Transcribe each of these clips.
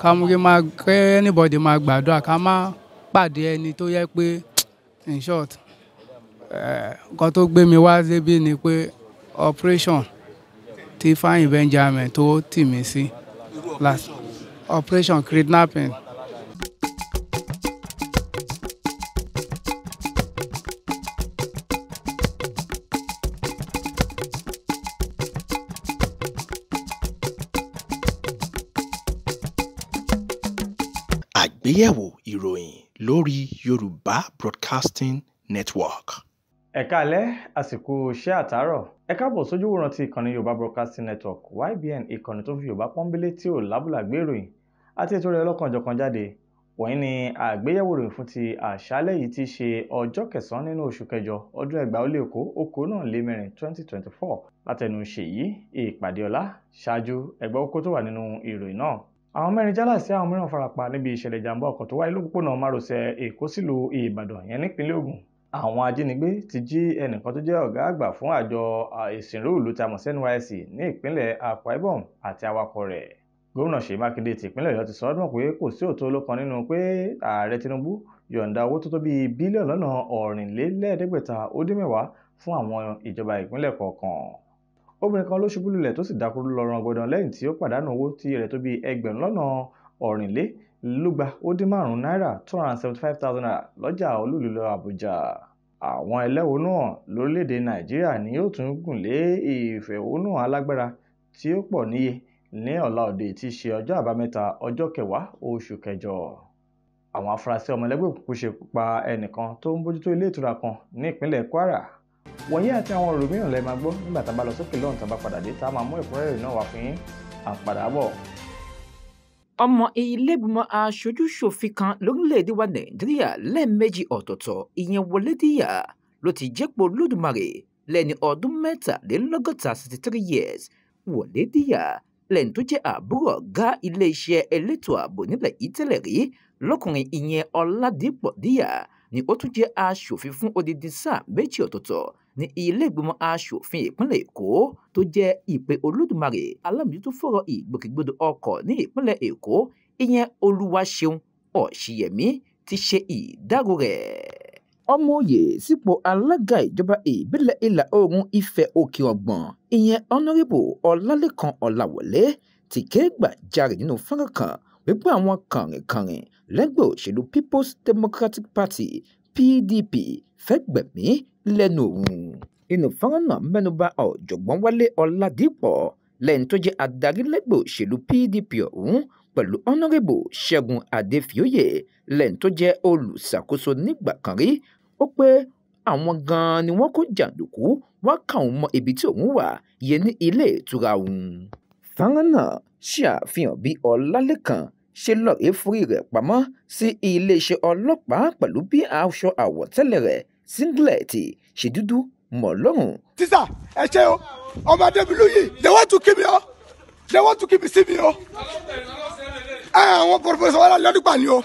kàmúrí máa kẹ́ anybody máa gbàdúrà ká má pàdé ẹni tó yẹ pé in short eh, nǹkan tó gbé mi wá débi ni pé operation tí Fáyìn Benjamin tó tì mí sí operation kidnapping. àgbéyẹ̀wò ìròyìn lórí Yorùbá Broadcasting Network. ẹ káalẹ́ àsìkò iṣẹ́ àtàárọ̀ ẹ káàbọ̀ sójú wòran ti ìkànnì Yorùbá Broadcasting Network YBN ìkànnì tó fi Yorùbá pọ́nbélé tí ò lábùlà gbé ìròyìn àti ètò rẹ̀ ọlọ́kanòjọ̀kan jáde wọ̀nyí ni àgbéyẹ̀wò ìròyìn fún ti àṣálẹ́ yìí ti ṣe ọjọ́ kẹsàn-án nínú oṣù kẹjọ ọdún ẹgbàá ó lé okó okó náà lé mẹ́rin twenty twenty four látẹnu ṣèyí ìpàdé ọlá ṣáájú ẹgbẹ́ okó tó wà nínú ìròyìn náà àwọn mẹ́rin jálàsí àwọn mìíràn farapa níbi ìṣẹ̀lẹ̀ ìjàmbá ọkọ̀ tó wáyé lópòpónà márosẹ̀ èkó sílùú ìbàdàn yẹn nípínlẹ̀ ògùn àwọn ajínigbé ti jí ẹnìkan tó jẹ́ ọ̀gá àgbà fún àjọ ìsìnrú ìlú tá a mọ̀ sí NYSC ní ìpínlẹ̀ Akwa Ibom àti awakọ̀ rẹ̀ gómìnà Ṣèyí Mákindé ti ìpínlẹ̀ Ọ̀yọ́ ti sọ ọdún pé kò sí òótọ́ olókan nínú pé ààrẹ Tinubu yọ̀ǹda owó tó tó bíi bílíọ̀nù lọ́nà ọ̀rìnlélẹ́ẹ̀ẹ́dẹ́gbẹ̀ta ó dín mẹ́wàá fún àwọn ìjọba ìpínlẹ̀ kọ̀ọ̀kan obìnrin kan ló ṣubú lulẹ̀ tó sì dákúrú lọ rangbọ̀dàn lẹ́yìn tí ó pàdánù owó tí rẹ̀ tó bí ẹgbẹ̀rún lọ́nà ọ̀rìnlélúgba ó dín márùn-ún náírà two hundred and seventy five thousand naira lọ́jà olúùlú àbújá àwọn ẹlẹ́wọ̀nù lórílẹ̀‐èdè nàìjíríà ni yóò tún gùn lé ìfẹ̀hónú alágbára tí ó pọ̀ níye ní ọ̀la òde tí í ṣe ọjọ́ àbámẹ́ta ọjọ́ kẹwàá oṣù kẹjọ àwọn afurasí ọmọlẹ́gbẹ́ òkùnkùn ṣekú pa ẹnìkan tó ń bójútó ilé ìtura kan ní ìpínlẹ̀ kwara wọ̀nyí àti àwọn ọ̀rọ̀ mìíràn lẹ́ẹ̀ máa gbọ́ nígbà tá a bá lọ sókè lọ́hùn tá a bá padà dé tá a máa mú ẹ̀kúnrẹ́rẹ́ náà wá fún yín àpàdàbọ̀. ọmọ ilégbìmọ̀ aṣojú-ṣòfin kan lórílẹ̀‐èdè wa nàìjíríà lẹ́ẹ̀mejì ọ̀tọ̀ọ̀tọ̀ ìyẹn Wọlé Díyà ló ti jẹ́pọ̀ Olódùmarè lẹ́ni ọdún mẹ́tàlélọ́gọ́ta sixty three years Wọlé Díyà lẹ́ni tó jẹ́ àbúrò ọ̀gá iléeṣẹ́ elétò ààbò nílẹ̀ yìí tẹ́lẹ̀ rí lọ́kùnrin ni ó tún jẹ́ aṣòfin fún odidi sáà méjì ọ̀tọ̀ọ̀tọ̀ ní ilé ìgbìmọ̀ aṣòfin ìpínlẹ̀ èkó tó jẹ́ ìpè olódùmarè alámòjútó fọ̀rọ̀ ìgbòkègbodò ọkọ̀ ní ìpínlẹ̀ èkó ìyẹn olúwaṣeun ọ̀ṣìyẹ̀mí ti ṣe ìdárò rẹ̀. ọmọoyè sípò alága ìjọba ìbílẹ̀ ìlà oòrùn ifẹ̀ òkè ọ̀gbọ̀n ìyẹn ọ̀nàrẹ́bù ọlálẹ́kan ọ̀làwọlé ti ké gbàjarè nínú fọ́nrán kan wípé àwọn kànrìnkànrìn lẹ́gbẹ́ òṣèlú people's democratic party pdp fẹ́ gbẹ̀mí lẹ́nu òun. inú fọ́nrán náà mẹ́nuba ọ̀jọ̀gbọ́n wálé ọ̀làdìpọ̀ lẹ́yìn tó jẹ́ adarí lẹ́gbẹ́ òṣèlú pdp ọ̀hún pẹ̀lú ọ̀nàrẹ́bù ṣẹ́gun adéfioyè lẹ́yìn tó jẹ́ olùṣàkóso nígbà kan rí ó pé àwọn gan-an ni wọ́n kó jàǹdùkú wọ́n kà òun mọ ibi tí òun wà yẹn ní ilé ìtura òun. fọ́nrán náà ṣe bí ọlálékàn ṣe lọ́ọ̀rẹ́ forí rẹ̀ pamọ́ sí iléeṣẹ́ ọlọ́pàá pẹ̀lú bí aṣọ àwọ̀tẹ́lẹ̀ rẹ̀ síngílẹ̀tì ṣe dúdú mọ́ lọ́rùn. tísà ẹ ṣe o ọmọ adébílú yìí they want to kill me o they want to kill me see me o àwọn pòròfẹ́sọ̀ wọlé ọlọ́dúnpà ni o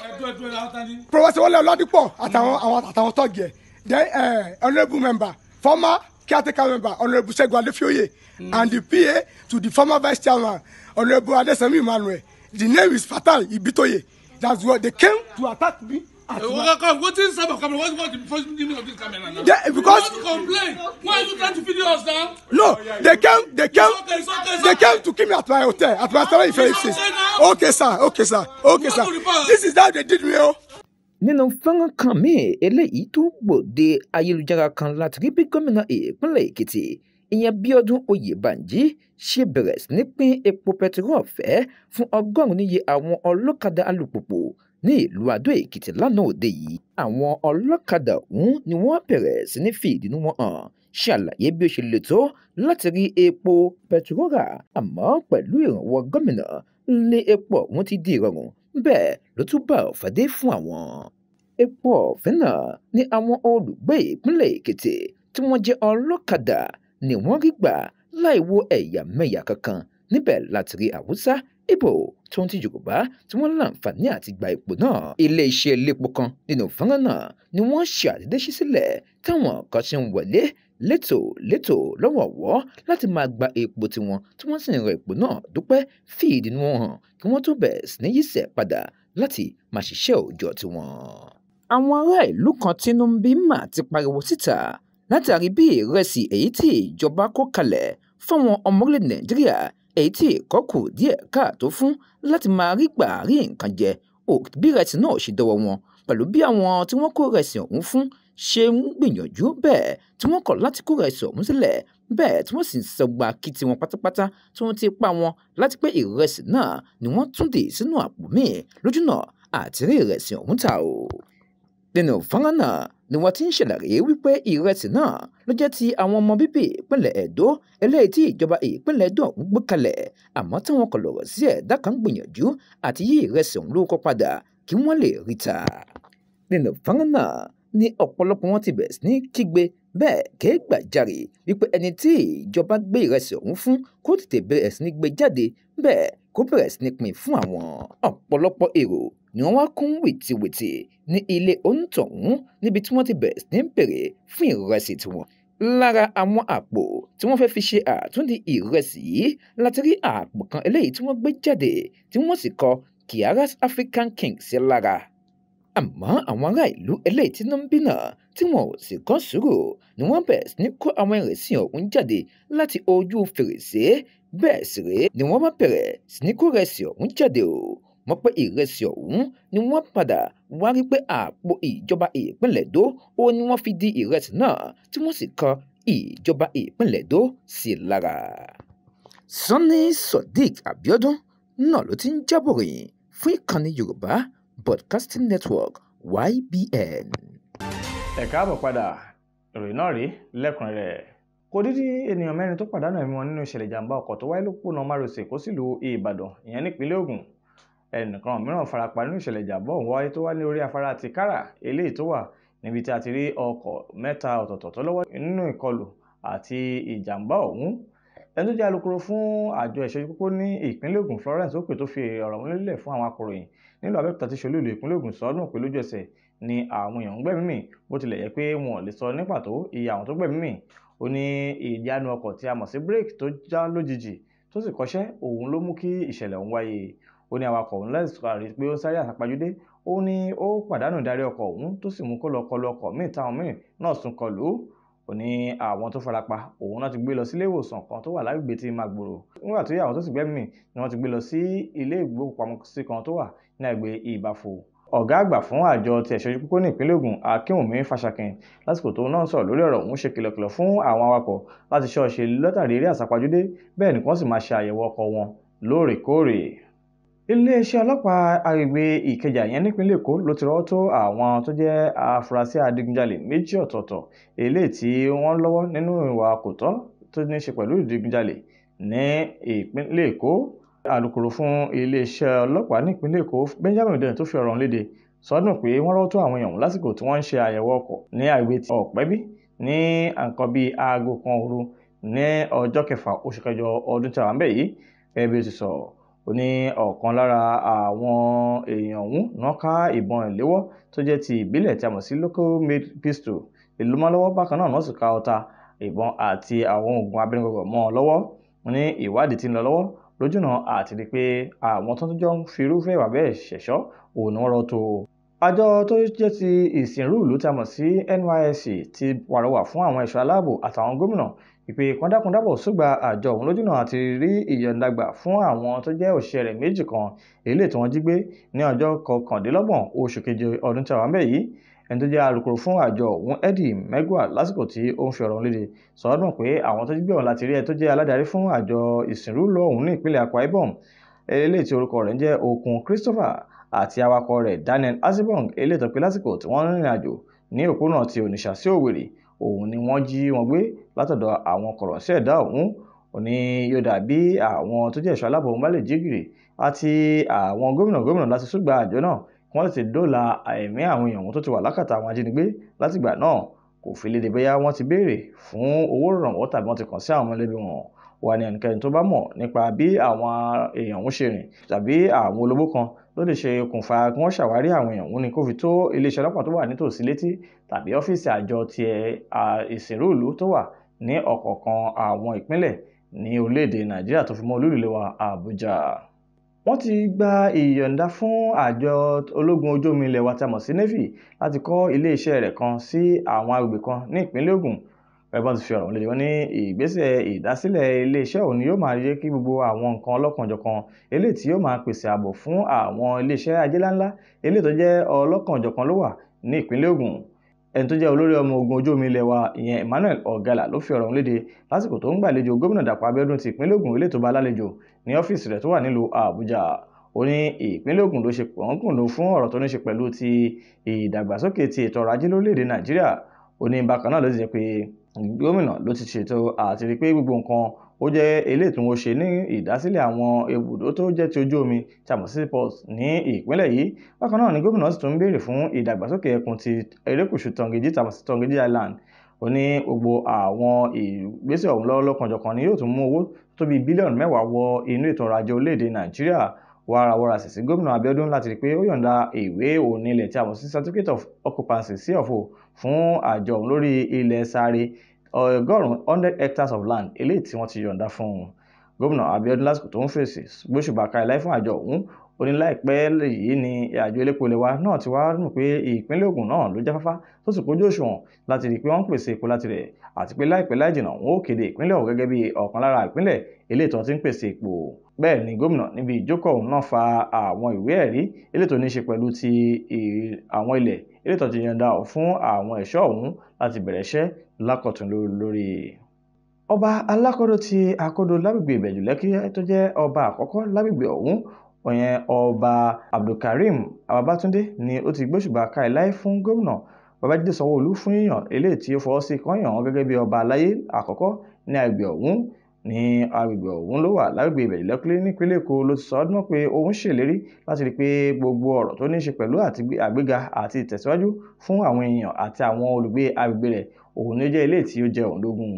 pòròfẹ́sọ̀ wọlé ọlọ́dúnpọ̀ àtàwọn àtàwọn tọ́gì ẹ̀ then honourable member former caretaker member honourable Ṣẹ́gun Adéfioyè and the PA to the former vice chairman honourable Adesemi Emmanuel the name is fatal ibitoye that's why they came to attack me. At uh, come, what is about camera? What's what the first meaning of this camera now? Yeah, because you complain. Why are you trying to video us now? No, oh, they came, they came, it's okay, it's okay, they came to kill me at my hotel, at my hotel in Felixis. Okay, sir. Okay, sir. Okay, sir. This is how they did me, oh. nínú fọ́nrán kan míì eléyìí tó gbòde ayélujára kan láti rí bí gómìnà ìpínlẹ̀ èkìtì ìyẹn Bíọ́dún Oyèbánjí ṣe bẹ̀rẹ̀ sí ní pín epo pẹtiró ọ̀fẹ́ fún ọgọ́rùn-ún níye àwọn ọlọ́kadà alùpùpù ní ìlú Adó-Èkìtì lánàá òde yìí àwọn ọlọ́kadà ọ̀hún ni wọ́n bẹ̀rẹ̀ sí ní fi ìdùnnú wọn hàn ṣàlàyé bí ó ṣe lè tó láti rí epo pẹtiró rà àmọ́ pẹ̀lú ìrànwọ́ gómìnà lé epo ọ̀hún ti di ìrọ̀rùn bẹ́ẹ̀ ló tún bá ọ̀fẹ́ dé fún àwọn. epo ọ̀fẹ́ náà ni àwọn olùgbé ìpínlẹ̀ Èkìtì tí wọ́n jẹ́ ọlọ́kadà ni wọ́n rí gbà láì wo ẹ̀yàmẹ̀yà kankan níbẹ̀ láti rí Haúsá Ìgbò tó ń ti Yorùbá tí wọ́n láǹfààní àti gba ipò náà iléeṣẹ́ elépo kan nínú fọ́nrán náà ni wọ́n ṣàdédé ṣí sílẹ̀ táwọn kan ṣe ń wọlé létòlétò lọ́wọ̀ọ̀wọ́ láti máa gba epo tiwọn tí wọ́n sì ń rọ epo náà dúpẹ́ fi ìdùnnú wọn hàn kí wọ́n tó bẹ̀rẹ̀ sí ní yíṣẹ́ padà láti máa ṣiṣẹ́ òòjọ́ tiwọn. àwọn ará ìlú kan tínú ń bí mà ti pariwo síta látàrí bí ìrẹsì èyí tí ìjọba kó kalẹ̀ fáwọn ọmọ orílẹ̀ nàìjíríà èyí tí ìkọ́kù díẹ̀ káàtó fún láti máa rí gbà rí nǹkan jẹ bí ìrẹsì náà ṣe dọwọ́ wọn pẹ̀lú bí àwọn tí wọ́n kó ìrẹsì ọ̀hún fún ṣe ń gbìyànjú bẹ́ẹ̀ tí wọ́n kọ̀ láti kó ìrẹsì ọ̀hún sílẹ̀ bẹ́ẹ̀ tí wọ́n sì ń sọgbà kìtì wọn pátápátá tí wọ́n ti pa wọn láti pé ìrẹsì náà ni wọ́n tún dè sínú àpò míì lójúnà àti ìrẹsì ọ̀hún ta o. nínú fọ́nrán náà ni wọ́n ti ń ṣèlàyé wípé ìrẹsì náà ló jẹ́ ti àwọn ọmọ bíbí ìpínlẹ̀ Ẹdó eléyìí tí ìjọba ìpínlẹ̀ Ẹdó ọ̀hún gbé kalẹ̀ àmọ́ táwọn kò lọ̀rọ̀ sí ẹ̀dá kan gbìyànjú àti yí ìrẹsì ọ̀hún lórúkọ padà kí wọ́n lè rí ta. nínú fọ́nrán náà ni ọ̀pọ̀lọpọ̀ wọn ti bẹ̀rẹ̀ sí ní kígbe bẹ́ẹ̀ kéé gbàjarè wípé ẹni tí ìjọba gbé ìrẹsì ọ̀hún fún kó tètè bẹ̀rẹ̀ sí ní gbé jáde bẹ́ẹ̀ kó bẹ̀rẹ̀ sí ní pín fún àwọn ọ̀pọ̀lọpọ̀ èrò ni wọ́n wá kún wìtìwìtì ní ilé òǹtọ̀hún níbi tí wọ́n ti bẹ̀rẹ̀ sí ń bèrè fún ìrẹsì tiwọn lára àwọn àpò tí wọ́n fẹ́ fi ṣe àtúndì ìrẹsì yìí láti rí àpò kan eléyìí tí wọ́n gbé jáde tí wọ́n sì kọ Kiara's African King sí lára àmọ́ àwọn ará ìlú eléyìí tí ń bínà tí wọn ò sì kọ́ sùúrù ni wọ́n bẹ̀rẹ̀ sí ní kó àwọn ìrẹsì ọ̀hún jáde láti ojú fèrèsé bẹ́ẹ̀ sì rèé ni wọ́n bá bẹ̀rẹ̀ sí ní kó rẹsì ọ̀hún jáde o wọ́n pé ìrẹsì ọ̀hún ni wọ́n padà wá rí pé àpò ìjọba ìpínlẹ̀ Èdó ó ní wọ́n fi di ìrẹsì náà tí wọ́n sì kan ìjọba ìpínlẹ̀ Èdó sí lára. Sunny Sodiq Abiodun náà ló ti ń jábọ̀ ròyìn fún ìkànnì Yorùbá Broadcasting Network YBN. ẹ káàbọ̀ padà ìròyìn náà rí lẹ́kùnrẹ́rẹ́ kò dídí ènìyàn mẹ́rin tó pàdánù ẹ̀mí wọn nínú ìṣẹ̀lẹ̀ ìjàmbá ọkọ̀ tó wáyé lópònà márosẹ̀ Èkó sílùú Ìbàdàn ìyẹn nípínlẹ̀ Ògùn ẹnìkan mìíràn farapa nínú ìṣẹ̀lẹ̀ ìjàmbá ọ̀hún wáyé tó wá ní orí afárá ti kára eléyìí tó wà níbi tí a ti rí ọkọ̀ mẹ́ta ọ̀tọ̀ọ̀tọ̀ tó lọ́wọ́ nínú ìkọlù àti ìjàmbá ọ̀hún ẹni tó jẹ́ alukoro fún àjọ ìṣẹ́jú pópó ní ìpínlẹ̀ Ògùn Florence Okè tó fi ọ̀rọ̀ wọn lélẹ̀ fún àwọn akọ̀ròyìn nílùú Abẹ́òkúta tí ṣolú ìlú ìpínlẹ̀ Ògùn sọ́dún pé lójú ẹsẹ̀ ni àwọn èèyàn ń gbẹ̀mí mì bó tilẹ̀ yẹ pé wọn ò lè sọ ní pàtó iye àwọn tó gbẹ̀mí mì ó ní ìjánu ọkọ̀ tí a mọ̀ sí brake tó já lójijì tó sì kọṣẹ́ òun ló mú kí ìṣẹ̀lẹ̀ ọ̀hún wáyé ó ní awakọ̀ ọ̀hún lẹ́sùkárì pé ó ń sáré àsápajúdé ó ní ó pàdánù ìdarí ọkọ̀ ọ̀hún tó sì mú kó lọ kọlu ọkọ̀ míì táwọn míì náà sún kọlù ó ó ní àwọn tó farapa òun náà ti gbé lọ sí ilé ìwòsàn kan tó wà lágbègbè tí Magboro nígbà tó yá àwọn tó sì gbẹ́mìí ni wọ́n ti gbé lọ sí ilé ìgbókùpamọ́sí kan tó wà ní àgbè Ìbàfò ọ̀gá àgbà fún àjọ ti ẹ̀ṣọ́ ìpínpín ní ìpínlẹ̀ Ògùn Akínwùmí Fàṣàkìn lásìkò tó náà sọ̀rọ̀ lórí ọ̀rọ̀ ọ̀hún ṣe kìlọ̀kìlọ̀ fún àwọn awakọ̀ láti ṣọ́ọ̀ṣe lọ́tàrí eré àsápajúdé bẹ́ẹ̀ ni wọ́n sì máa ṣe àyẹ̀wò ọkọ̀ wọn lóòrèkóòrè iléeṣẹ́ ọlọ́pàá àgbègbè ìkẹjà ìyẹn nípínlẹ̀ èkó ló ti rọ́wọ́ tó àwọn tó jẹ́ afurasí adigunjalè méjì ọ̀tọ̀ọ̀tọ̀ eléyìí tí wọ́n lọ́wọ́ nínú ìwà kò tọ́ tó ní í ṣe pẹ̀lú ìdigunjalè ní ìpínlẹ̀ èkó alūkkóró fún iléeṣẹ́ ọlọ́pàá nípínlẹ̀ èkó benjamin hundeyin tó fi ọ̀rọ̀ léde sọdún pé wọ́n rọ́wọ́ tó àwọn èèyàn lásìkò tí wọ́n ń ṣe àyẹ̀wò ọkọ̀ ní àgbègbè ti ọ̀pẹ́bí ní nǹkan bíi aago kan òru ní ọjọ́ kẹfà oṣù kẹjọ ọdún tí a wà ń bẹ̀ yìí ẹbí ti sọ̀rọ̀ ó ní ọ̀kan lára àwọn èèyàn ọ̀hún náà ká ìbọn ìléwọ́ tó jẹ́ ti ìbílẹ̀ tí a mọ̀ sí local made pistol ìlú bákan náà wọ́n sì ká ọta ìbọn àti àwọn oògùn abẹnugọ̀gọ̀ mọ́ ọ lọ́wọ́ ní ìwádìí tí ń lọ lọ́wọ́ lójúnà àti rí pé àwọn tó ń jọ ń firúfẹ́ ìwà bẹ́ẹ̀ ṣẹ̀ṣọ́ òun ni wọ́n rọ́ tó àjọ tó jẹ́ ti ìsìnrú ìlú tá a mọ̀ sí NYSC ti pàrọwà fún àwọn ẹ̀ṣọ́ aláàbò àtàwọn gómìnà ìpè kọ́ńdákọ́ńdábọ̀ sógbà àjọ ọ̀hún lójúnà àti rí ìyọ̀ǹdàgbà fún àwọn tó jẹ́ òṣìṣẹ́ rẹ̀ méjì kan èlé tí wọ́n jí gbé ní ọjọ́ kọkàndínlọ́gbọ̀n oṣù keje ọdún tí a wà ń bẹ̀ yìí ẹni tó jẹ́ alukoro fún àjọ ọ̀hún Eddie Megwal lásìkò tí ó ń fi ọ̀rọ̀ léde sọ́dún pé àwọn tó jí gbé ọ̀hún láti rí ẹ tó jẹ́ aládarí fún àjọ ìsìnrú lọ ọ̀hún ní ìpínlẹ̀ Akwa Ibom eléyìí tí orúkọ rẹ̀ ń jẹ́ Okun Christopher àti awakọ̀ rẹ̀ Daniel Azimbong eléyìí tó pé lásìkò tí wọ́n ń rìnrìn àjò ní òpópónà ti Onitsha sí Owerri òun ni wọ́n jí wọn gbé látọ̀dọ̀ àwọn kọ̀rọ̀sí ẹ̀dá ọ̀hún ó ní yóò dàbí àwọn tó jẹ́ ẹ̀ṣọ́ aláàbò bá lè jí gìrì àti àwọn gómìnà gómìnà láti súgbà àjọ náà kí wọ́n tètè dóòlà ẹ̀mí àwọn èèyàn wọn tó ti wà lákàtà àwọn ajínigbé látìgbà náà kò fi léde bóyá wọ́n ti béèrè fún owó ìrànwọ́ tàbí wọ́n ti kàn sí àwọn mọ̀lẹ́bí wọn wà ní ẹnikẹ́ni tó bá mọ̀ nípa bí àwọn èèyàn ń ṣe rìn tàbí àwọn olówó kan ló lè ṣe okùnfà kí wọ́n ṣàwárí àwọn èèyàn òun ni kó fi tó iléeṣẹ́ ọlọ́pàá tó wà nítòsí létí tàbí ọ́fíìsì àjọ ti ìṣèrú ìlú tó wà ní ọ̀kọ̀ọ̀kan àwọn ìpínlẹ̀ ní orílẹ̀-èdè nàìjíríà tó fi mọ́ olúìlú wa àbújá wọ́n ti gba ìyọ̀ǹda fún àjọ ológun ojú omi ilẹ̀ wa tí a mọ̀ sí navy láti kọ́ iléeṣẹ́ rẹ̀ kan sí àwọn agbègbè kan ní ìpínlẹ̀ Ògùn ẹgbọn ti fi ọ̀rọ̀ lédè wọ́n ní ìgbésẹ̀ ìdásílẹ̀ iléeṣẹ́ òun ni yóò máa yẹ kí gbogbo àwọn nǹkan ọlọ́kanòjọ̀kan eléyìí tí yóò máa pèsè ààbò fún àwọn iléeṣẹ́ ajé ńláńlá eléyìí tó jẹ́ ọlọ́kanòjọ̀kan ló wà ní ìpínlẹ̀ Ògùn ẹni tó jẹ́ olórí ọmọ ogun ojú omi ilẹ̀ wa ìyẹn Emmanuel Ogala ló fi ọ̀rọ̀ ọ̀hún léde lásìkò tó ń gbàlejò gómìnà Dàpọ̀ Abẹ́dún ti ìpínlẹ̀ Ògùn eléyìí tó bá lálejò ní ọ́fíìsì rẹ̀ tó wà nílùú Àbújá ó ní ìpínlẹ̀ Ògùn ló ṣe pọ̀nkùnlò fún ọ̀rọ̀ tó ní ṣe pẹ̀lú ti ìdàgbàsókè ti ètò ọrọ̀ ajé lórílẹ̀‐èdè Nàìjíríà ó ní bákan náà ló ti jẹ́ pé gómìnà ló ti ṣètò àti rí pé gbogbo nǹkan ó jẹ́ eléyìí tí wọ́n ṣe ní ìdásílẹ̀ àwọn ibùdó tó jẹ́ ti ojú omi tàbí seaport ní ìpínlẹ̀ yìí bákan náà ni gómìnà sì tún ń béèrè fún ìdàgbàsókè ẹkùn ti erékùṣù Tàngéjì tàbí Tàngéjì Island ó ní gbogbo àwọn ìgbésẹ̀ ọ̀hún lọ́lọ́kanjọ̀kan ni yóò tún mú owó tó bí bílíọ̀nù mẹ́wàá wọ inú ètò ọrọ̀ ajé orílẹ̀-èdè Nàìjíríà wàràwàrà sì sí gómìnà Abíọ́dún láti rí i pé ó yọ̀ǹda ìwé òní ilẹ̀ tí a mọ̀ sí certificate of occupancy COO fún àjọ òun lórí ilẹ̀ sáré ọgọ́rùn-ún hundred hectares of land eléyìí tí wọ́n ti yọ̀ǹda fún un gómìnà Abíọ́dún lásìkò tó ń fèsì gbóṣùbà káyọ̀láì fún àjọ ọ̀hún ó ní láìpẹ́ yìí ni àjọ elépo ilẹ̀ wa náà ti wá mọ̀ pé ìpínlẹ̀ Ògùn náà ló jáfáfá tó sì kójú òṣùwọ̀n láti rí i pé wọ́n ń pèsè epo láti rẹ̀ àti pé láìpẹ́ láìjìnà wọn ó kéde ìpínlẹ̀ ọ̀hún gẹ́gẹ́ bí ọ̀kan lára ìpínlẹ̀ eléètò ti ń pèsè epo bẹ́ẹ̀ ni gómìnà níbi ìjókòó ọ̀hún náà fa àwọn ìwé ẹ̀rí eléètò ní í ṣe pẹ̀lú ti àwọn ilẹ̀ eléètò ti yọ̀ǹda fún àwọn ẹ̀ṣọ́ ọ̀hún láti bẹ̀rẹ̀ iṣẹ́ lákọ̀tún lórí ọba alákọ̀dọ̀ ti akọ́dọ̀ lágbègbè ìbẹ̀jú lẹ́kí tó jẹ́ ọba àkọ́kọ́ lágbègbè ọ̀hún ọ̀yẹn ọba abdulkareem ababatunde ni ó ti gbóṣùbà ká iláí fún gómìnà babájídé sanwóolu fún yíyàn eléyìí tí ó fọwọ́ sí kan yàn wọ́n gẹ́gẹ́ bí ọba aláyé àkọ́kọ́ ní agbègbè ọ̀hún ní agbègbè ọ̀hún ló wà lágbègbè ìbẹ̀rẹ̀ lọ́kílé nípínlẹ̀ èkó ló ti sọ ọdún náà pé òun ṣèlérí láti rí i pé gbogbo ọ̀rọ̀ tó ní í ṣe pẹ̀lú àgbéga àti ìtẹ̀síwájú fún àwọn èèyàn àti àwọn olùgbé agbègbè rẹ̀ òun ló jẹ́ eléyìí tí ó jẹ òun lógún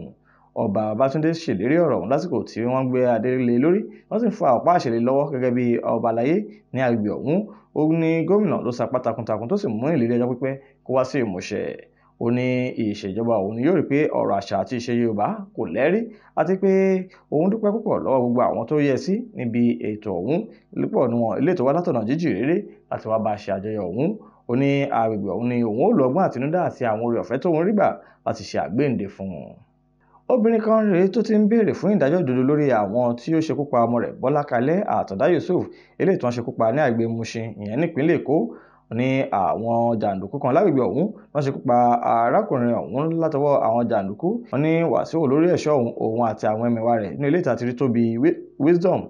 ọba babátúndé ṣèlérí ọ̀rọ̀ ọ̀hún lásìkò tí wọ́n gbé adé lé lórí wọ́n sì ń fa ọ̀pá àṣẹ lé lọ́wọ́ gẹ́gẹ́ bí ọba àlàyé ní agbègbè ọ̀hún ó ní gómìnà ló sapá takuntakun tó sì mú ìlérí ọjọ́ pípẹ́ kó wá sí ìmúṣẹ ó ní ìṣèjọba òun ni yóò rí pé ọ̀rọ̀ àṣà àti ìṣe yorùbá kò lẹ́rí àti pé òun dúpẹ́ púpọ̀ lọ́wọ́ gbogbo àwọn tó yẹ sí níbi ètò ọ̀hún púpọ̀ ni wọn ilé ètò wa látọ̀nà jíjì réré láti wá bá a ṣe àjọyọ̀ ọ̀hún ó ní agbègbè ọ̀hún ni òun ó lọ́gbọ́n àtinúdá àti àwọn oore ọ̀fẹ́ tóun rí gbà láti ṣe àgbéǹde fún un obìnrin kan rèé tó ti ń béèrè fún ìdájọ́ òdodo lórí àwọn tí ó ṣekú pa ọmọ rẹ̀ Bọ́lá Kalẹ́ Àtàndá Yusuf eléyìí tó ń ṣekú pa ní àgbè Mushin ìyẹn nípínlẹ̀ Èkó ní àwọn jàǹdùkú kan lágbègbè ọ̀hún wọ́n ṣekú pa arákùnrin ọ̀hún látọwọ́ àwọn jàǹdùkú wọ́n ní Wàsíù olórí ẹ̀ṣọ́ òun àti àwọn ẹmẹ̀wà rẹ̀ ní ilé ìtàtírí tóbi Wisdom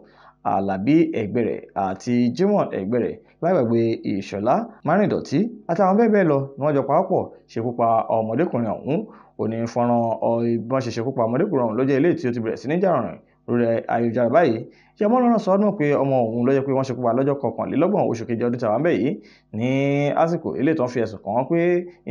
Àlàbí Ẹ̀gbẹ̀rẹ̀ àti Jimoh Ẹ̀gbẹ̀rẹ̀ lágbàgbé Ìṣọ̀lá Márìndọ̀tí àtàwọn bẹ́ẹ̀ bẹ́ẹ̀ lọ ni wọ́n jọ pàápọ̀ ṣekú pa ọmọdékùnrin ọ̀hún ó ní fọ́nrán ìbọn ṣẹṣẹ kópa ọmọdé kò rọrùn ló jẹ́ eléyìí tí ó ti bẹ̀rẹ̀ sí ní jà rọrùn lórí ayélujára báyìí ṣé ọmọ náà sọ ọdún pé ọmọ òun ló jẹ́ pé wọ́n ṣekú pa lọ́jọ́ kọkànlélọ́gbọ̀n oṣù kejì ọdún tàwa ń yìí ní àsìkò eléyìí tó ń fi ẹ̀sùn kàn án pé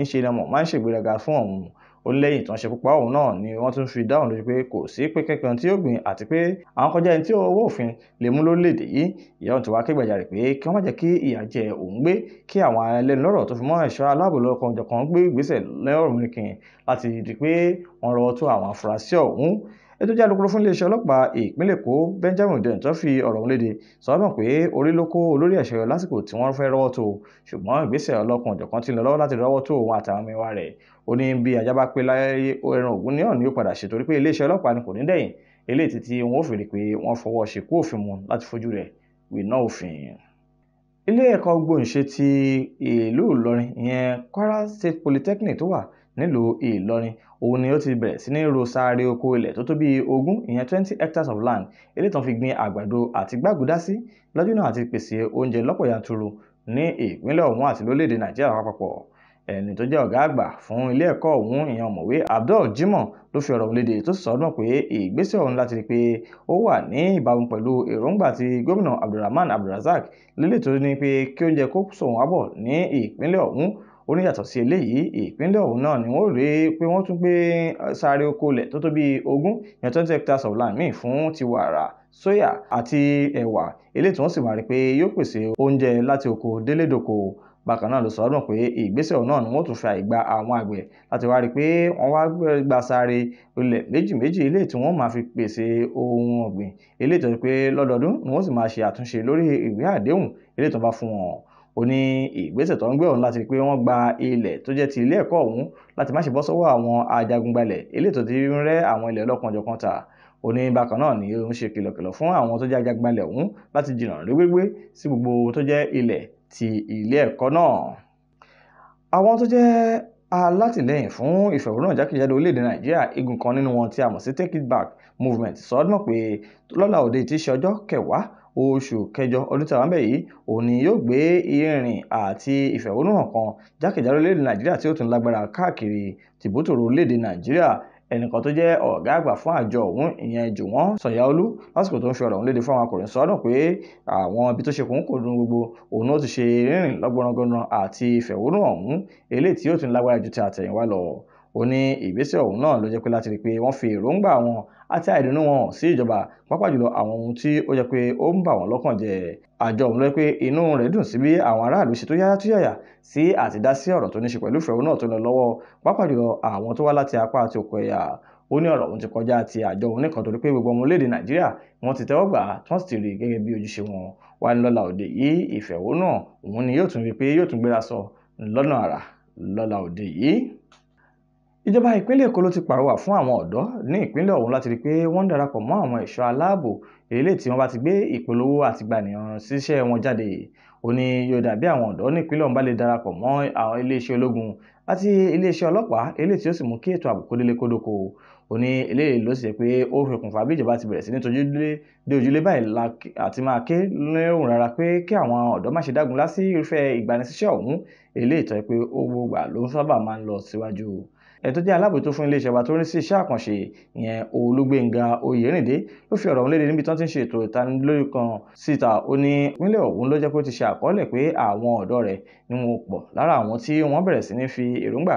ńṣe ni ọmọ máa ń ṣègbéraga fún òun ó lẹ́yìn tán ṣe pupa òun náà ni wọ́n tún fi dáhùn lójú pé kò sí pé kankan tí ó gbìn àti pé àwọn kọjá ẹni tí owó òfin lè mú lórílẹ̀‐èdè yìí ìyá òun ti wá kégbàjarè pé kí wọ́n má jẹ́ kí ìyà jẹ òun gbé kí àwọn ẹlẹ́nulọ́rọ̀ tó fi mọ́ ẹ̀ṣọ́ aláàbò lọ́kọ̀ ọ̀jọ̀kan gbé ìgbésẹ̀ lẹ́rọ̀mìnrin láti rí pé wọ́n rọ́wọ́ tó àwọn afurasí ọ̀hún ètò jẹ́ alukoro fún iléeṣẹ́ ọlọ́pàá ìpínlẹ̀ èkó benjamin hundeyin tó fi ọ̀rọ̀ ọ̀hún léde sọ mọ̀ pé orí ló kó olórí ẹ̀ṣẹ̀ yọ lásìkò tí wọ́n fẹ́ rọ́wọ́ tó ṣùgbọ́n ìgbésẹ̀ ọlọ́kùn ọ̀jọ̀kan ti lọ lọ́wọ́ láti rọ́wọ́ tó òun àtàwọn mẹ́wàá rẹ̀ ó ní bí ajá bá pé láyé ẹran ògún ní ọ̀nà yóò padà ṣe torí pé iléeṣẹ́ ọlọ́pàá ni kò ní dẹ̀yìn eléyìí ilé-ẹ̀kọ́ gbogbonìṣe ti ìlú Ìlọrin ìyẹn Kwara State Polytechnic tó wà nílùú Ìlọrin òun ni ó ti bẹ̀rẹ̀ sí ní ro sáré oko ilẹ̀ tó tóbi ogún ìyẹn twenty hectares of land eléyìí tán fi gbin àgbàdo àti gbágudá sí lọ́jọ́ náà àti pèsè oúnjẹ lọ́pọ̀ yanturu ní ìpínlẹ̀ ọ̀hún àti lórílẹ̀-èdè Nàìjíríà lápapọ̀ ẹni tó jẹ́ ọ̀gá àgbà fún ilé ẹ̀kọ́ ọ̀hún ìyẹn ọ̀mọ̀wé Abdul Jimoh ló fi ọ̀rọ̀ léde tó sì sọdún pé ìgbésẹ̀ ọ̀hún láti rí i pé ó wà ní ìbámu pẹ̀lú èròǹgbà ti gómìnà Abdulrahman Abdulrazak lélẹ̀ tó ní pé kí oúnjẹ kó sòun àbọ̀ ní ìpínlẹ̀ ọ̀hún ó ní yàtọ̀ sí eléyìí ìpínlẹ̀ ọ̀hún náà ni wọ́n rí pé wọ́n tún gbé sáré oko lẹ̀ tó tó bí ogún ìyẹn twenty hectares of land míì fún ti wàrà sóyà àti ẹ̀wà eléyìí tí wọ́n sì máa rí pé yóò pèsè oúnjẹ láti oko délé bákan náà ló sọ ọdún pé ìgbésẹ̀ náà ni wọ́n tún fi àyè gba àwọn àgbẹ̀ láti wá rí i pé wọ́n wá gba sáré ilẹ̀ méjì méjì ilé tí wọ́n máa fi pèsè ohun ọ̀gbìn ilé ìtọ́jú pé lọ́dọọdún ni wọ́n sì máa ṣe àtúnṣe lórí ìwé àdéhùn ilé tó bá fún wọn ó ní ìgbésẹ̀ tó ń gbé ọ̀hún láti rí i pé wọ́n gba ilẹ̀ tó jẹ́ ti ilé ẹ̀kọ́ ọ̀hún láti má ṣe bọ́ sọ́wọ́ àwọn ajagungbalẹ̀ ilé tó ti ń rẹ́ àwọn ilẹ̀ ọlọ́kanòjọ̀kan ta ó ní bákan náà ni ó ń ṣe kìlọ̀kìlọ̀ fún àwọn tó jẹ́ ajagbalẹ̀ ọ̀hún láti jìnnà lógbégbé sí gbogbo tó jẹ́ ilẹ̀ ti ilé ẹ̀kọ́ náà àwọn tó jẹ́ alátìlẹyìn fún ìfẹ̀hónúhàn jákèjádò orílẹ̀-èdè nàìjíríà igun kan nínú wọn tí a mọ̀ sí take it back movement sọ ọ́ mọ̀ pé lọ́la òde tí í ṣe ọjọ́ kẹwàá oṣù kẹjọ ọdún tí a wà ń bẹ̀ yìí òní yóò gbé ìrìn àti ìfẹ̀hónúhàn kan jákèjádò orílẹ̀-èdè nàìjíríà tí ó tún lágbára káàkiri tìbútòrò orílẹ̀-èdè nàìjíríà ẹnìkan tó jẹ́ ọ̀gá àgbà fún àjọ ọ̀hún ìyẹn jùwọ́n sànyáolú lásìkò tó ń sọ̀rọ̀ òun léde fún àwọn akọ̀ròyìn sọ́dún pé àwọn ibi tó ṣe kò ń kò dun gbogbo òun ó ti ṣe rírìn lọ́gbọ̀nrọ̀gbọ̀nrọ̀ àti ìfẹ̀hónúhàn ọ̀hún eléyìí tí yóò tún lágbára ju ti àtẹ̀yìnwá lọ ó ní ìgbésẹ̀ ọ̀hún náà ló jẹ́ pé láti rí i pé wọ́n fi èròǹgbà wọn àti àìdùnnú wọn hàn sí ìjọba pàápàá jùlọ àwọn ohun tí ó jẹ́ pé ó ń bà wọ́n lọ́kàn jẹ́ àjọ ọ̀hún ló pé inú rẹ̀ dùn sí bí àwọn aráàlú ṣe tó yáyá tó yàyà sí àtidá sí ọ̀rọ̀ tó ní ṣe pẹ̀lú ìfẹ́ náà tó lọ lọ́wọ́ pàápàá jùlọ àwọn tó wá láti apá àti òkú ẹ̀yà ó ní ọ̀rọ̀ òun ti kọjá ti àjọ òun nìkan torí pé gbogbo ọmọ orílẹ̀-èdè nàìjíríà wọ́n ti tẹ́wọ́ gbà tí wọ́n sì ti rí i gẹ́gẹ́ bí ojúṣe wọn wà lọ́la òde yìí ìfẹ̀hónú òun ni yóò tún rí i pé yóò tún gbéra sọ lọ́nà àrà lọ́la òde yìí ìjọba ìpínlẹ̀ èkó ló ti pàrọwà fún àwọn ọ̀dọ́ ní ìpínlẹ̀ ọ̀hún láti rí i pé wọ́n ń darapọ̀ mọ́ àwọn ẹ̀ṣọ́ aláàbò eléyìí tí wọ́n bá ti gbé ìpolówó àtìgbanìyàn síṣẹ́ wọn jáde ó ní yóò dàbí àwọn ọ̀dọ́ ní ìpínlẹ̀ ọ̀hún bá lè darapọ̀ mọ́ àwọn iléeṣẹ́ ológun àti iléeṣẹ́ ọlọ́pàá eléyìí tí ó sì mú kí ètò ààbò kó délé kó dóko ó ní eléyìí ló sì jẹ́ pé ó fi okùnfà bí ìjọba ẹni tó jẹ́ alábòójútó fún iléeṣẹ́ wa tó ní sí iṣẹ́ àkànṣe ìyẹn olúgbénga oyèrìndé ló fi ọ̀rọ̀ léde níbi tí wọ́n ti ń ṣe ètò ìtanilójú kan síta ó ní ìpínlẹ̀ Ògùn ló jẹ́ pé ó ti ṣe àkọọ́lẹ̀ pé àwọn ọ̀dọ́ rẹ̀ ni wọn pọ̀ lára àwọn tí wọ́n bẹ̀rẹ̀ sí ní fi èròǹgbà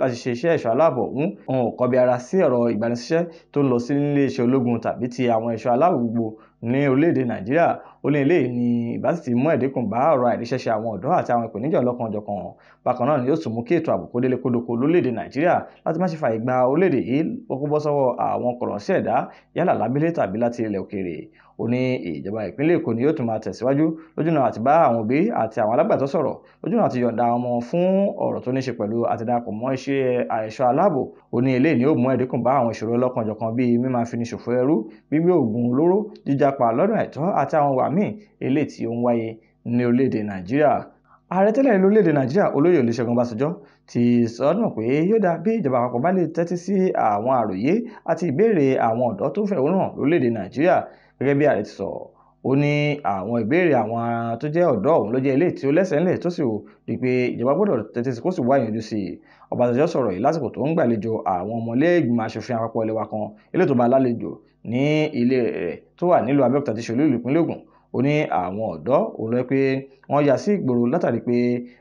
láti ṣe iṣẹ́ ẹ̀ṣọ́ aláàbọ̀ ọ̀hún ọ̀hún kọbi ara sí ọ̀rọ̀ ìgbanisíṣẹ́ tó ń lọ sí iléeṣẹ́ ológun tàbí ti àwọn ẹ̀ṣọ́ aláàbò gbogbo ní orílẹ̀-èdè nàìjíríà ó ní eléyìí ni ìbá sì ti mú ẹ̀dínkù bá ọ̀rọ̀ àìríṣẹ́ṣe àwọn ọ̀dọ́ àti àwọn ìpèníjà ọlọ́kanòjọ̀kan bákan náà ni yóò tún mú kí ètò ààbò kó délé kódoko lórílẹ̀-èdè nàìjíríà láti má ṣe fààyè gba orílẹ̀-èdè yìí kó bọ́ sọ́wọ́ àwọn kọ̀rọ̀ǹsí ẹ̀dá yálà lábẹ́lé tàbí láti ilẹ̀ òkèèrè ó ní ìjọba ìpínlẹ̀ èkó ni yóò tún máa tẹ̀síwájú lójúnà àti bá àwọn òbí àti àwọn alágbàtọ́ sọ̀rọ̀ lójúnà àti yọ̀ǹda ọmọ fún ọ̀rọ̀ tó ní ṣe pẹ̀lú àtìdàpọ̀ mọ́ iṣẹ́ àìṣọ́ aláàbò ó ní eléyìí ni ó mú ẹ̀dínkù bá àwọn ìṣòro lọ́kànjọ̀kan bíi mímáa fi ní ṣòfò ẹrú gbígbé oògùn olóró jíjàpá lọ́nà àìtọ́ àti àwọn ìwà míì eléyìí tí ó ń wáyé ní orílẹ̀-èdè nàìjíríà ààrẹ tẹ́lẹ̀ ní orílẹ̀-èdè nàìjíríà olóyè olùṣègùn ọbásanjọ́ ti sọ́nà pé yóò dáa bí ìjọba àpapọ̀ bá lè tẹ́tí sí àwọn àròyé àti ìbéèrè àwọn ọ̀dọ́ tó fẹ̀hónú hàn lórílẹ̀-èdè nàìjíríà gẹ́gẹ́ bí ààrẹ ti sọ ó ní àwọn ìbéèrè àwọn tó jẹ́ ọ̀dọ́ ọ̀hún ló jẹ́ eléyìí tí ó lẹ́sẹ̀ ńlẹ̀ tó sì rí i pé ìjọba gbọ́dọ̀ tètè sí kó sì wá ìyanjú sí i Ọbásanjọ́ sọ̀rọ̀ yìí lásìkò tó ń gbàlejò àwọn ọmọlẹ́gbìmọ̀ asòfin àpapọ̀ ilé wa kan eléyìí tó bá lálejò ní ilé rẹ̀ tó wà nílùú Abẹ́òkúta tí ṣolú ìlú ìpínlẹ̀ Ògùn ó ní àwọn ọ̀dọ́ òun lọ pé wọ́n ya sí ìgboro látàrí pé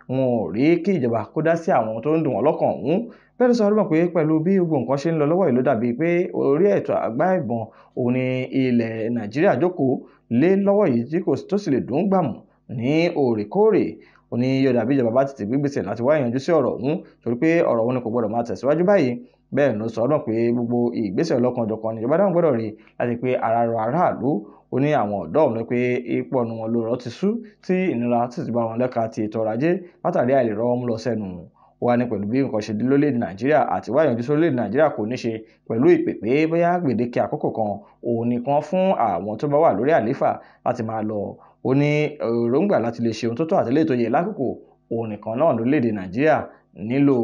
wọn ò rí kí ìjọba kó dá sí àwọn tó ń dùn wọ́n lọ́kàn ọ̀hún bẹ́ẹ̀ ló sọ ọdún pé pẹ̀lú bí gbogbo nǹkan ṣe ń lọ lọ́wọ́ ìlú dàbí pé orí ètò àgbá ìbọn òun ni ilẹ̀ nàìjíríà jókòó lé lọ́wọ́ yìí tí kò tó sì lè dùn ún gbàmù ní òrèkóòrè òní yóò dàbí ìjọba bá ti ti gbígbèsè láti wá ìyanjú sí ọ̀rọ̀ ọ̀hún torí pé ọ̀rọ̀ òun ni kò gbọ́dọ̀ máa tẹ̀síwájú báyìí bẹ́ẹ̀ ló sọ náà pé gbogbo ìgbésẹ̀ ọlọ́kanòjọ̀kan níjọba náà gbọ́dọ̀ rí láti pé ara rọ aráàlú ó ní àwọn ọ̀dọ́ ọ̀hún pé ipò ọ̀nù wọn ló rọ́ ti sú tí ìnira sì ti bá wọn lẹ́ka ti ètò ọrọ̀ ajé látàrí àìlèrọ́ ọmú lọ sẹ́nu wà ní pẹ̀lú bí nǹkan ṣe dé lórílẹ̀‐èdè nàìjíríà àti wá ìyànjú sórílẹ̀‐èdè nàìjíríà kò ní ṣe pẹ̀lú ìpè pé bóyá gbèdéke àkókò kan òun nìkan fún àwọn tó bá wà lórí àlééfà láti máa lọ ó ní èròǹgbà láti lè ṣe ohun tó tọ́ àtìlẹ́yìn tó yẹ lákòókò òun nìkan náà lórílẹ̀‐èdè nàìjíríà nílò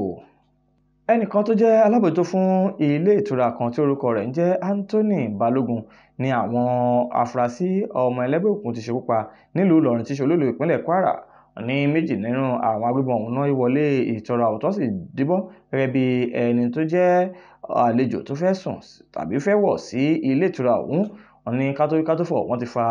ẹnìkan tó jẹ́ alábòójútó fún ilé ìtura kan tí orúkọ rẹ̀ ń jẹ́ anthony Balogun, ni àwọn afurasí ọmọ ẹlẹ́gbẹ́ òkùnkùn ti ṣekú pa nílùú ìlọrin tí í ṣe olúìlú ìpínlẹ̀ kwara ní méjì nínú àwọn agbébọn ọ̀hún náà wọlé ìtura ọ̀tọ̀ sì díbọ́n gẹ́gẹ́ bí ẹni tó jẹ́ àlejò tó fẹ́ sùn tàbí fẹ́ wọ̀ sí ilé ìtura ọ̀hún wọn ní kátókátó fọ̀ wọ́n ti fa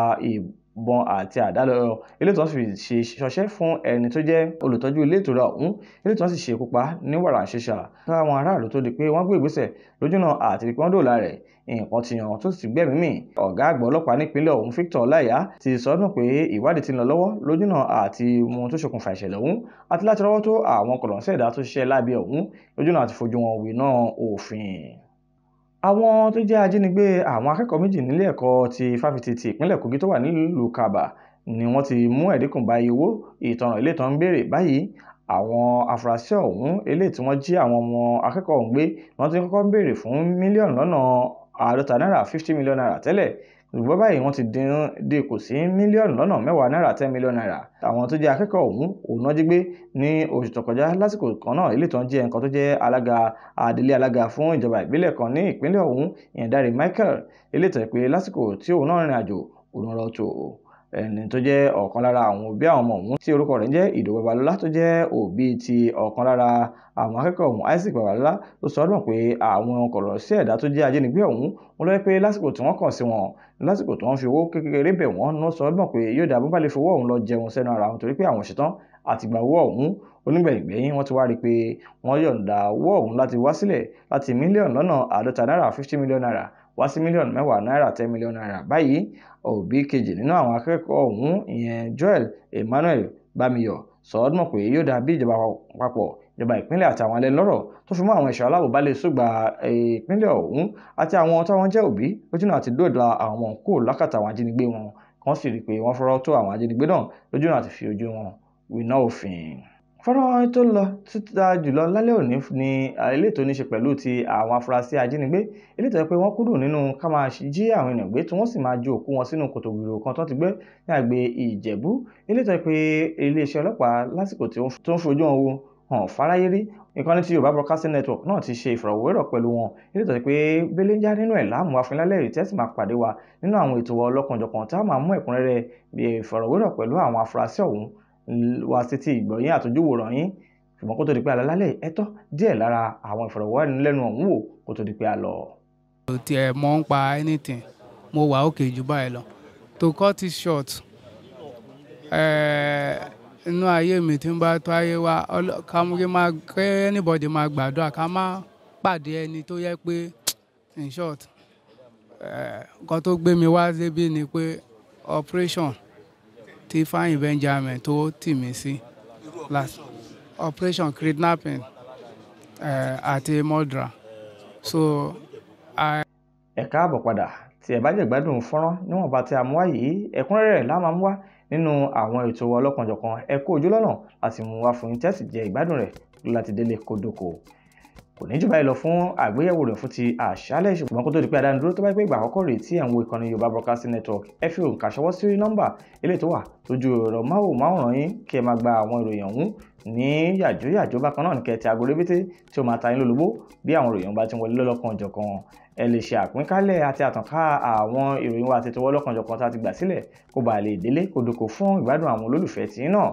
bọn àti àdálọ́ eléyìí tó fi ṣe ṣọṣẹ́ fún ẹni tó jẹ́ olùtọ́jú ilé ìtura ọ̀hún eléyìí tó sì ṣe kópa ní wàrà ṣíṣà káwọn aráàlú tó di pé wọ́n gbé ìgbésẹ̀ lójúnà àti pé wọ́n dòòlà rẹ̀ nǹkan ti hàn tó sì gbẹ̀mí mì ọ̀gá àgbà ọlọ́pàá nípínlẹ̀ ọ̀hún Victor Ọláìyá ti sọdún pé ìwádìí ti ń lọ lọ́wọ́ lójúnà àti mú tó ṣokùnfà ìṣẹ̀lẹ̀ ọ̀hún àti láti rọ́wọ́ tó àwọn kọ̀lọ̀ńsẹ̀dá tó ṣiṣẹ́ lábẹ́ ọ̀hún lójúnà àti fojú wọn wé náà òfin àwọn tó jẹ́ ajínigbé àwọn akẹ́kọ̀ọ́ méjì nílé ẹ̀kọ́ ti fáfitì ti ìpínlẹ̀ kogi tó wà nílùú kabba ni wọ́n ti mú ẹ̀dínkù bá iye owó ìtanràn ilé tó ń béèrè báyìí àwọn afurasí ọ̀hún eléyìí tí wọ́n jí àwọn ọmọ akẹ́kọ̀ọ́ ọ̀hún gbé wọ́n ti kọ́kọ́ ń béèrè fún mílíọ̀nù lọ́nà àádọ́ta náírà fifty million naira tẹ́lẹ̀ ṣùgbọ́n báyìí wọ́n ti dín kù sí mílíọ̀nù lọ́nà mẹ́wàá náírà ten mílíọ̀nù náírà àwọn tó jẹ́ akẹ́kọ̀ọ́ ọ̀hún òun náà jí gbé ní oṣù tó kọjá lásìkò kan náà ilé ìtàn jẹ́ nǹkan tó jẹ́ alága adelé alága fún ìjọba ìbílẹ̀ kan ní ìpínlẹ̀ ọ̀hún ìyẹn Dáre Michael ilé ìtàn pé lásìkò tí òun náà rìnrìn àjò òun lọ tó ẹni tó jẹ́ ọ̀kan lára àwọn òbí àwọn ọmọ ọ̀hún tí orúkọ rẹ̀ ń jẹ́ ìdòwú babalọ́lá tó jẹ́ òbí ti ọ̀kan lára àwọn akẹ́kọ̀ọ́ ọ̀hún isaac babalọ́lá ló sọ ọ́nà pé àwọn kọ̀rọ̀ sí ẹ̀dá tó jẹ́ ajínigbé ọ̀hún wọn lọ́wọ́ pé lásìkò tí wọ́n kàn sí wọn lásìkò tí wọ́n fi owó kékeré bẹ̀ wọ́n ní wọ́n sọ ọ́nà pé yóò dà bóbá lè fowó ọ̀hún lọ jẹun sẹ́nu ara wọn torí pé àwọn ṣetán àtìgbà owó ọ̀hún onígbẹ̀yìngbẹ̀yìn wọ́n ti wá rí i pé wọ́n yọ̀ǹda owó ọ̀hún láti wá sílẹ̀ láti mílíọ̀nù lọ́nà àádọ́ta náírà fifty million naira wá sí mílíọ̀nù mẹ́wàá náírà ten mílíọ̀nù náírà báyìí òbí kejì nínú àwọn akẹ́kọ̀ọ́ ọ̀hún ìyẹn Joel Emmanuel Bámiyọ̀ sọ ọ́ mọ̀ pé yóò dà bí ìjọba àpapọ̀ ìjọba ìpínlẹ̀ àtàwọn alẹ́nulọ́rọ̀ tó fi mọ́ àwọn ẹ̀ṣọ́ aláàbò balẹ̀ sógbà eh, ìpínlẹ̀ ọ̀hún àti àwọn táwọn jẹ́ òbí lójúnà àti dóòlà àwọn kò lákàtà àwọn ajínigbé wọn kan sì rí i pé wọ́n fọ́rọ́ tó àwọn ajínigbé náà lójúnà àti fi ojú wọn winá òfin fọ́nrán tó lọ títa jùlọ lálẹ́ òní ni ilé tó ní ṣe pẹ̀lú ti àwọn afurasí ajínigbé ilé tó yẹ pé wọ́n kúrò nínú ká máa jí àwọn èèyàn gbé tí wọ́n sì máa ju òkú wọn sínú kòtò gbòòrò kan tó ti gbé ní àgbè ìjẹ̀bú ilé tó yẹ pé iléeṣẹ́ ọlọ́pàá lásìkò tó ń fojú wọn wo hàn fáráyé rí ìkànnì tí yorùbá broadcasting network náà ti ṣe ìfọ̀rọ̀wérọ̀ pẹ̀lú wọn nítorí tó ti pé bẹ́lẹ̀ ń já nínú ẹ̀ láàmú afúniláàlẹ́ yìí tẹ́sí máa pàdé wa nínú àwọn ètò wa ọlọ́kanjọ̀kan tá a máa mú ẹ̀kúnrẹ́rẹ́ ìfọ̀rọ̀wérọ̀ pẹ̀lú àwọn afurasí ọ̀hún wá sí ti ìgbọ̀yìn àtúnjúwòrán yín ṣùgbọ́n kó tó di pé àlọ́ lálẹ́ ẹ tọ́ díẹ̀ lára àwọn ìfọ̀rọ̀wánilẹ́nuwò ọ̀hún wò kó tó di pé a lọ. mo tiẹ̀ mọ̀ ń pa anything mo wà òkè jù báyìí lọ to cut it short eh, inú ayé mi tí ń bá tó ayé wa kàmúrí máa anybody máa gbàdúrà ká má pàdé ẹni tó yẹ pé in short eh, nǹkan tó gbé mi wá débi ni pé operation tí Fáyìn Benjamin tó tì mí sí operation kidnapping eh, àti uh, murder so. I... ẹ káàbọ̀ padà tí ẹ bá jẹ́ gbádùn fọ́nrán níwọ̀nba tí a mú yìí ẹ̀kúnrẹ́rẹ́ la máa mú wá nínú àwọn ètò ọlọ́kanjọ̀kan ẹ kú ojú lọ́nà láti mú wá fún yín tẹ́sí jẹ ìgbádùn rẹ̀ láti délé kódókòó kò ní jù báyìí lọ fún àgbéyẹ̀wò rẹ̀ fún ti àṣálẹ̀ ṣùgbọ́n kó tó di pé adáni dúró tó bá pé ìgbà àkọ́kọ́ rèé tí àwọn ìkànnì Yorùbá Broadcasting Network ẹ fi òǹkà ṣọwọ́ sí nọ́mbà eléyìí tó wà lójú ẹ̀rọ máwòmáwòrán yín kí ẹ máa gba àwọn ìròyìn ọ̀hún ní yàjóyàjó bákan náà ní kẹtì aago tí ó máa ta yín lólobó bí àwọn ìròyìn bá ti wọlé lọ́lọ́kan ọ̀jọ̀kan ẹ lè ṣe àpínkálẹ̀ àti àtànká àwọn ìròyìn wa àti tọwọ́ lọ́kan ọ̀jọ̀kan tá a ti gbà sílẹ̀ kó bàa lè délé kó dóko fún ìgbádùn àwọn olólùfẹ́ tí náà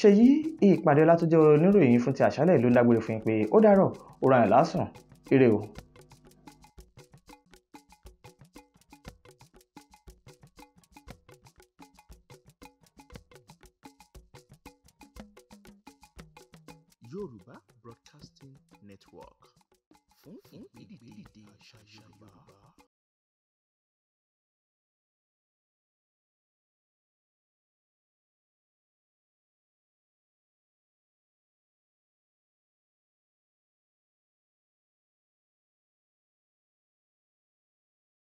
ṣèyí ìpàdé ọlátúnjẹ oníròyìn fún ti àṣálẹ́ ló ń dágbére fún yín pé ó dárọ̀ ó ra ẹ̀ lásùn ire o.